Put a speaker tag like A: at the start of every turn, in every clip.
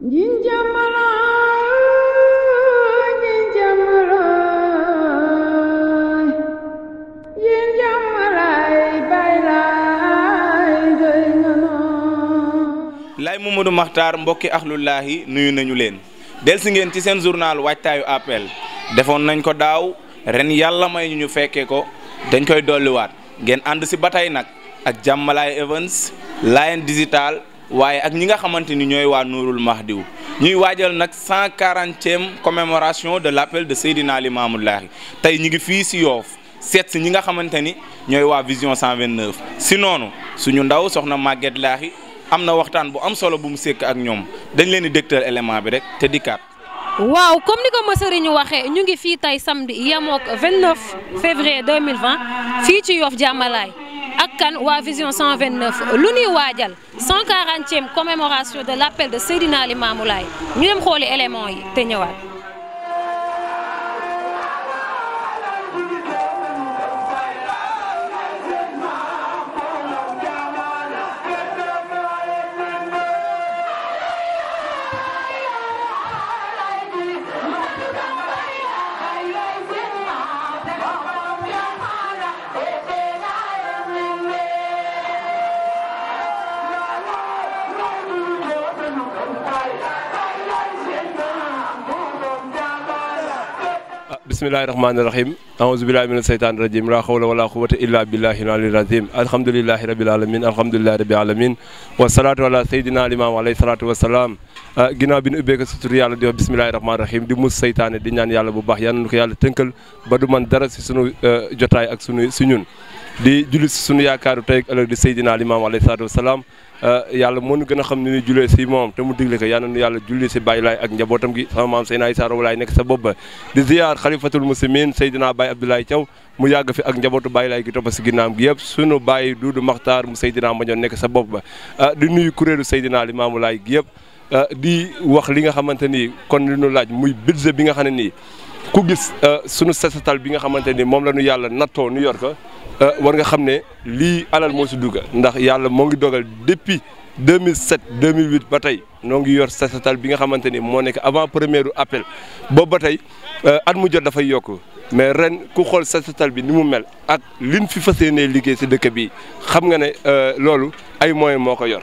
A: lay Laye Momadou maxtar mbokki axlullaahi nuyu nañu leen del si ngeen ci seen journal waajtaayu appel defoon nañ ko daaw ren yàlla may ñu fekke ko dañ koy dolliwaat ngeen ànd si ba tey nag ak Diamalaye Events Layeen Digital waaye ak ñi nga xamante ni ñooy waa Nuurul diw ñuy waajal nag cent quarantième commémoration de l' appel de Seydina Limamou Laye tey ñu ngi fii si yoof seet si ñi nga xamante ni ñooy waa Vision 129 si noonu suñu ndaw soxna Maguette Laye am na waxtaan bu am solo bu mu sekk ak ñoom dañ leen di dégtal élément bi rek te dikkaat.
B: waaw comme ni ko ma sëriñu ñu ngi fii tey samedi yemook 29 février 2020 fii ci Yoff Jàmmalaay kan wa vision 129 lu ñuy 140e commémoration de l'appel de Seydina Ali Laye ñu dem xooli élément yi té ñëwaat.
C: bismillahi rahmaani rahim aouzu billahi mina seytaani rajim laa xawla wala quwata illa billahi aliyil azim alhamdulilahi rabil alamin alhamdulilahi rabil alamin wasalaatu ala seydina limaam alayhi salaatu wasalaam ginnaaw bi ñu ubbeeko si tur yàlla di wax bismillahi rahmaani rahim di mus seytaane di ñaan yàlla bu baax yal nañu ko yàlla tënkal ba du man dara si sunu jotaay ak sunu si ñun di julli si sunu yaakaaru tey ëllëg di seydina limaam alayhi salaatu wasalaam Euh, yàlla moo ñu gën a xam ne ñu julee si moom te mu digle ko yal nu yàlla julli si Baye Laay ak njabootam gi sama maam Seydina Issa Rouhou Laye nekk sa bopp ba di ziar xalifatul muslimin Seydina Baye Abdoulaye Thiaw mu yàgg fi ak njabootu Baye Laay gi topp si ginnaam gi yëpp sunu Baye Doudou Makhtar mu Seydina Mandione nekk sa bopp ba euh, di nuyu kuréelu Seydina Limaamu Laay gi yëpp euh, di wax li nga xamante ni kon li ñu laaj muy budget bi nga xam ne nii ku gis euh, sunu sesetal bi nga xamante ni moom la ñu yàlla nattoo New York euh, war nga xam ne lii alal moo si dugg ndax yàlla moo ngi dogal depuis 2007 2008 ba tey noo ngi yor sa sesetal bi nga xamante ni moo nekk avant première appel boobu ba tey euh, at mu jot dafay yokk mais ren ku xool sesetal bi ni mu mel ak liñ fi fas yéenee liggéey si dëkk bi xam nga ne loolu ay moyen moo ko yor.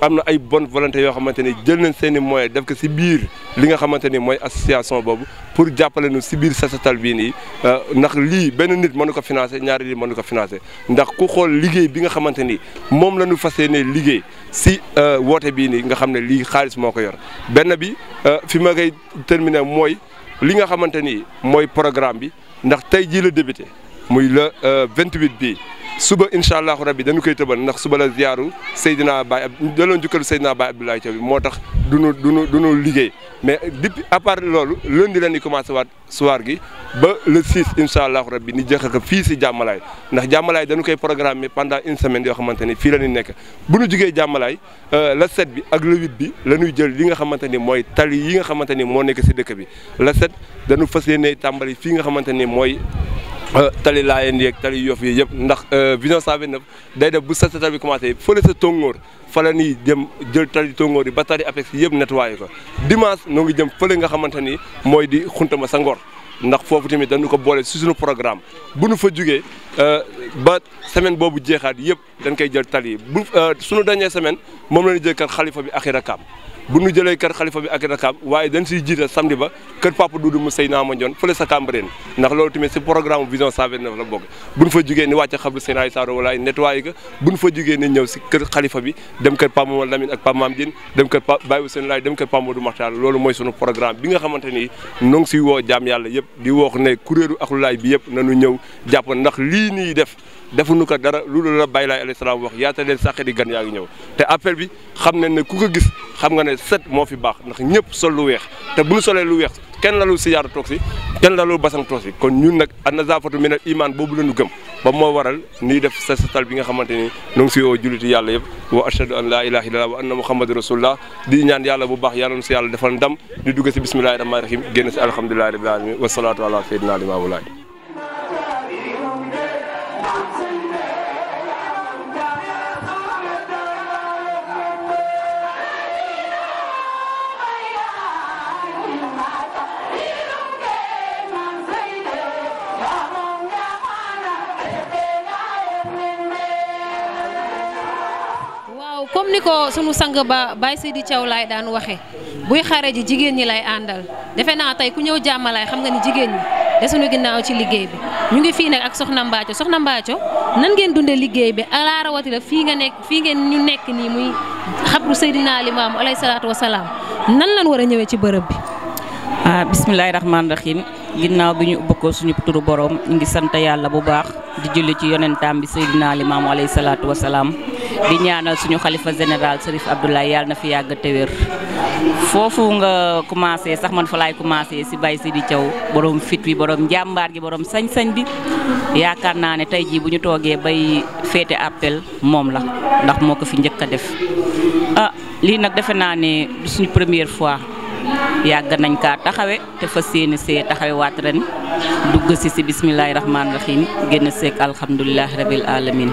C: am na ay bonne volonté yoo xamante ni jël nañ seeni i moyens def ko si biir li nga xamante ni mooy association boobu pour jàppale nu si biir sa Setal bii nii euh, ndax lii benn nit mënu ko financé ñaari nit mënu ko financé ndax ku xool liggéey bi nga xamante ni moom la ñu fas yéenee liggéey si euh, woote bii nii nga xam ne lii xaalis moo ko yor benn bi euh, fi ma koy mooy li nga xamante ni mooy programme bi ndax tey jii la débuté. muy le 28 euh, bi suba incha allahu rabi dañu koy tëbal ndax suba la ziyaaru Seydina Baye daloon jukkalu Seydina Baye Abdoulaye Thiaw bi moo tax duñu duñu duñu liggéey mais depuis à part loolu lundi la ñuy commencé waat soir gi ba le 6 incha allahu rabi ni jeexal ko fii si jàmmalaay ndax jàmmalaay dañu koy programmer pendant une semaine yoo xamante ni fii la ñu nekk bu ñu jugee jàmmalaay la 7 bi ak le 8 bi la ñuy jël li nga xamante ni mooy tali yi nga xamante ni moo nekk si dëkk bi la 7 danu fas yéene tàmbali fii nga xamante ni mooy Euh, tali laayeen yeeg tali yof yi yëpp ndax euh, vision 129 day def bu sa sa bi commencé fële sa tóngoor fala nii jëm jël tali tóngoor yi ba tali apex yëpp nettoyé ko dimanche noo ngi jëm fële nga xamante ni mooy di xuntama sa ngor ndax foofu tamit dañu ko boole si suñu programme bu nu fa jugee euh, ba semaine boobu jeexaat yëpp dañ koy jël tali bu suñu dernière semaine moom la ñu xalifa bi ak i bu nu jëlee kër xalifa bi ak rakab waaye dañ siy jiital samedi ba kër papa Doudou mu sëy naa ma njoon fële sa Cambérène ndax loolu tamit si programme vision nu la bokk buñ fa jugee ni wàcc xabru seenaay saaro wala ka buñ ñëw si kër xalifa bi dem kër Pape Momar Lamine ak Pape Mame Diène dem kër Pape Baye Ousseynou Laye loolu mooy sunu programme bi nga xamante ni no si woo jaam yàlla yëpp di woox ne kuréelu Ahlou Laye bi yëpp nañu ñëw jàpp ndax lii nii def defuñu ko dara loolu la Baye Laye alayhi salaam xam nga ne set moo fi baax ndax ñëpp sol lu weex te bu ñu solee lu weex kenn lalul siyaaru toog si kenn lalul basan toog si kon ñun nag an-nazaafatu minal imaan boobu la ñu gëm ba moo waral nii def sa setal bi nga xamante ni ñu ngi si woo julliti yàlla yëpp wa ashhadu an laa ilaaha illallah wa anna muhammadan rasulullah di ñaan yàlla bu baax yàlla nu si yàlla defal ndam di dugg si bismillahi rahmaani rahim génn si alhamdulilahi rabbil alamin wasalaatu ala sayyidina
B: comme ni ko sunu sang ba Baye Seydi laay daan waxee buy xare ji jigéen ñi lay àndal defe naa tey ku ñëw jàmmalaay xam nga ni jigéen ñi de ginnaaw ci liggéey bi ñu ngi fii nag ak Soxna Mbathio Soxna Mbathio nan ngeen dundee liggéey bi ala rawatina fii nga nekk fii ngeen ñu nekk nii muy xabru Seydina Limaamu alayhi salaatu wa salaam nan lan war a ñëwee ci bërëb bi. ah bismillaahi rahmaani rahiim ginnaaw bi ñu bokkoo suñu turu borom ñu ngi sant yàlla bu baax di julli ci yonentaam bi Seydina Limaamu alayhi salaatu wa salaam di ñaanal suñu xalifa général Serif Abdoulaye yàlla na fi yàgg te foofu nga commencé sax man fa laay commencé si Baye di Thiaw borom fit wi boroom jàmbaar gi boroom sañ-sañ bi yaakaar naa ne tey jii bu ñu toogee bay féete appel moom la ndax moo ko fi njëkk a def ah lii nag defe naa ne du suñu première fois yàgg nañ kaa taxawe te fa séeni see taxawe waat ren dugg si si bisimilahi rahmaani rahim génn seek alhamdulilahi rabil alamin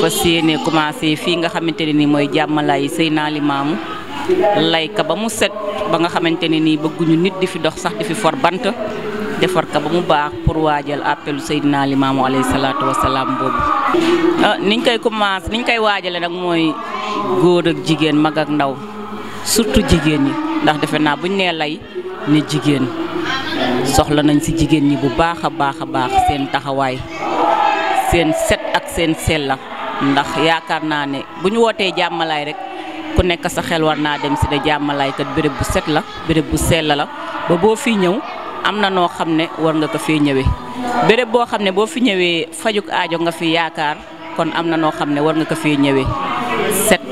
B: fassiyene commencé fi nga xamanteni ni moy jamalay seyna naa limaamu lay ka ba mu set ba nga xamanteni ni nii nit di fi dox sax di fi for bant defor ka ba mu baax pour waajal appelu Seydina Limaamu alayhi salaatu wasalaam boobu ah, niñ koy commencé niñ koy waajale nak moy goor ak jigen mag ak ndaw surtout jigen ni ndax defena buñ nee lay ni jigen soxla nañ ci jigen ni bu baax seen taxaway seen set ak seen ndax yaakaar naa ne bu ñu wootee jàmmalaay rek ku nekk sa xel war naa dem si ne jàmmalaay kat béréb bu set la béréb bu sell la ba boo fi ñëw am na noo xam ne war nga ko fee ñëwee béréb boo xam ne boo fi ñëwee fajuk aajo nga fi yaakaar kon am na noo xam ne war nga ko fee ñëwee set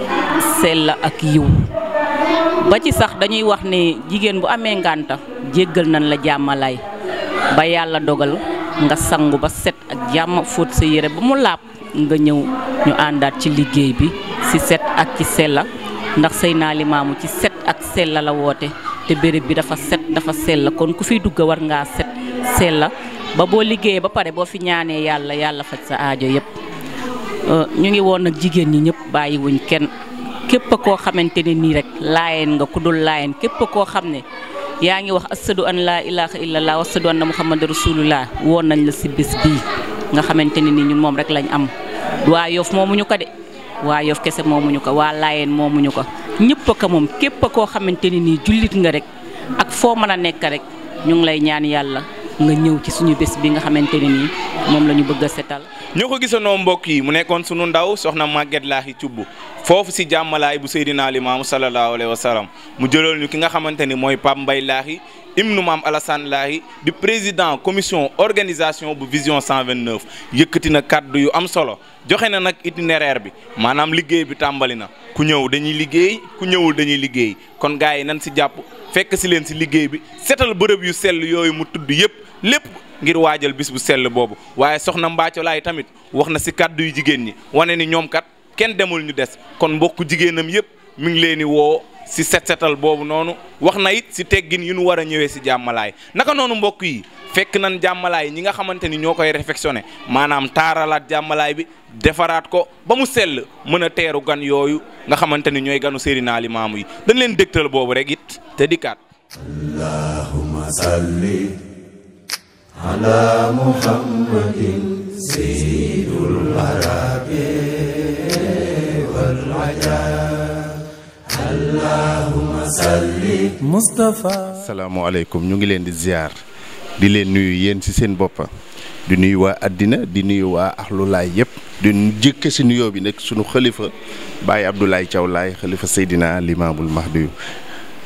B: sell la ak yiw ba ci sax dañuy wax ne jigéen bu amee ngànta jéggal nañ la jàmmalaay ba yàlla dogal nga sangu ba set ak jàmm fóot sa yére ba mu laab nga ñëw ñu àndaat ci liggéey bi ci set ak ci sella ndax sëy naa limaamu ci set ak sella la woote te béréb bi dafa set dafa sella kon ku fiy dugg war ngaa set sella ba boo liggéeyee ba pare boo fi ñaanee yàlla yàlla faj sa aajo yépp euh, ñu ngi woon nag jigéen ñi ñëpp bàyyiwuñ kenn képp koo xamante ne nii rek laayeen nga ku dul laayeen képp koo xam ne yaa ngi wax asadu an laa ilaha illallah wa asadu anna muhammadu rasulullah woon nañ la si bés bii nga xamante ne ni ñun moom rek lañu am waa Yoff moomuñu ko de waa yoof kese moomuñu ko waa Laayeen moomuñu ko ñëpp ko moom képp a koo xamante ne nii jullit nga rek ak foo mën a nekk rek ñu ngi lay ñaan yàlla. nga ñëw ci suñu bés bi nga xamante ne nii moom la ñu bëgg a setal ñoo ko
A: gisanoo mbokk yi mu nekkoon suñu ndaw soxna Maguette Lahi Thioub foofu si jàmmalaay bu Seydina Limaamu sallallahu alayhi wa sallam mu jëloon ñu ki nga xamante ni mooy Pape Mbaye Lahi nu maam Alassane Lahi di président commission organisation bu vision 129 yëkkati na kàddu yu am solo joxe na nag itineraire bi maanaam liggéey bi tàmbali na ku ñëw dañuy liggéey ku ñëwul dañuy liggéey kon gars yi nan si jàpp fekk si leen si liggéey bi setal bërëb yu sell yooyu mu tudd yëpp. lépp ngir waajal bis bu sell boobu waaye soxna Mbaaco laay tamit wax na si kàddu yu jigéen ñi wane ni ñoom kat kenn demul ñu des kon mbokku jigéenam yëpp mi ngi leen di woo si set setal boobu noonu wax na it si teggin yu nu war a ñëwee si jàmmalaay naka noonu mbokk yi fekk nan jàmmalaay ñi nga xamante ni ñoo koy réfectionné maanaam taaralaat jàmmalaay bi defaraat ko ba mu sell mën a teeru gan yooyu nga xamante ni ñooy ganu Seydina Limaamu yi dañ leen dégtal boobu rek it te dikkaat
D: ala muhammadin sayyidul arabi wal ajab allahumma salli mustafa asalaamaaleykum ñu ngi leen di ziar di leen nuyu yéen ci seen boppa di nuyu waa àddina di nuyu waa axlulaay yëpp di jëkke ci nuyoo bi nag sunu xalifa Baye Abdoulaye Thiaw Laye xalifa Seydina Limaamul Mahdi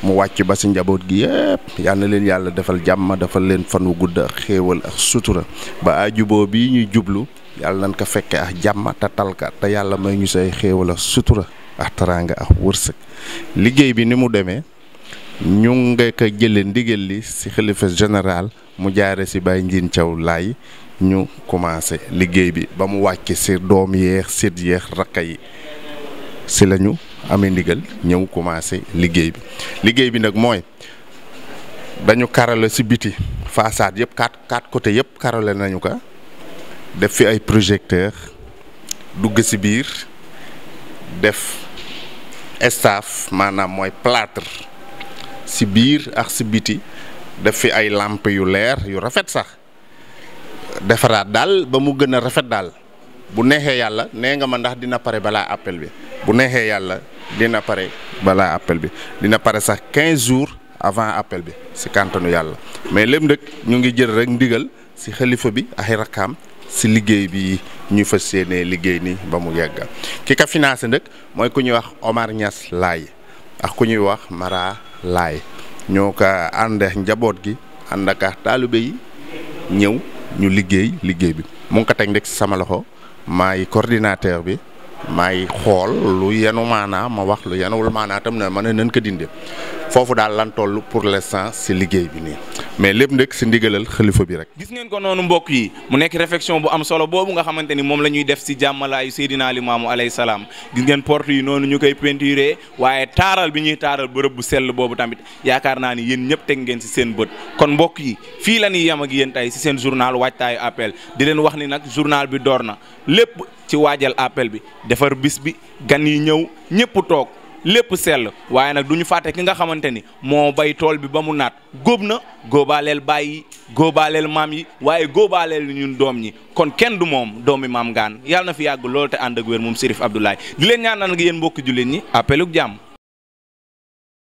D: mu wàcc ba sa njaboot gi yépp yal na leen yàlla defal jàmm defal leen fan wu gudd ak xéewal ak sutura ba ajuboo bi ñuy jublu yàlla nan ka fekke ak jàmm ta talka te yàlla may ñu say xéewal ak sutura ak taranga ak wërsëg liggéey bi ni mu demee ñu nga ko jële ndigal li ci xalifa général mu jaare ci Baye Ndiin Thiaw Laay ñu commencé liggéey bi ba mu wàcc ci doom yeex sit yeex rakka ci lañu Amin ndigal ñëw commencé liggéey bi liggéey bi nag mooy dañu karale si biti façade yëpp quatre quatre côté yëpp karale nañu ko def fi ay projecteur dugg si biir def estaf maanaam mooy plâtre si ak si biti def fi ay lampe yu leer yu rafet sax defaraat dal ba mu gën a rafet daal bu neexee yàlla nee nga ma ndax dina appel bi bu neexee yàlla dina pare balaa appel bi dina pare sax 15 jours avant appel bi si kàntanu yàlla mais lépp nag ñu ngi jël rek ndigal si xalifa bi ay rakkaam si liggéey bi ñu fas yéenee liggéey ni ba mu yeggal ki ka financé nag mooy ku ñuy wax Omar Niass Laay ak ku ñuy wax Mara Laay ñoo ko ànd ak gi ànd ak yi ñëw ñu liggéey liggéey bi mu ko teg nag sama loxo maay coordinateur bi may xol lu yenu mana ma wax lu yenuul mana tam na ma nañ ko dindi fofu dal lan tollu pour l'instant ci liguey bi ni mais lepp nek ci ndigalal khalifa bi rek. gis ngeen ko nonu mbok yi mu nek réflexion bu am solo bobu nga xamanteni ni
A: lañuy def ci jamala yu sayidina ali mamou alayhi salam gis ngeen porte yi nonu ñukay peinturer waye taral bi ñuy taral bërepp bu sel bobu tamit yaakar ni yéen ñëpp ngeen si seen bëtt kon mbok yi fi lañuy yam ak yeen tay ci seen journal waajtaayu appel di leen wax ni nak journal bi dorna lepp ci appel bi defar bis bi gan yi ñëw ñëpp toog lépp sell waaye nag du ñu fàtte ki nga xamante ni moo bay tool bi ba mu naat góob na góobaaleel bàyyi yi góobaaleel maam yi waaye góobaaleel ñun doom ñi kon kenn du moom doomi maam gaan yàlla na fi yàgg loolu te ànd ak wér moom Cherif Abdoulaye di leen ñaanal nag yéen mbokki jullit ñi appeluk jàmm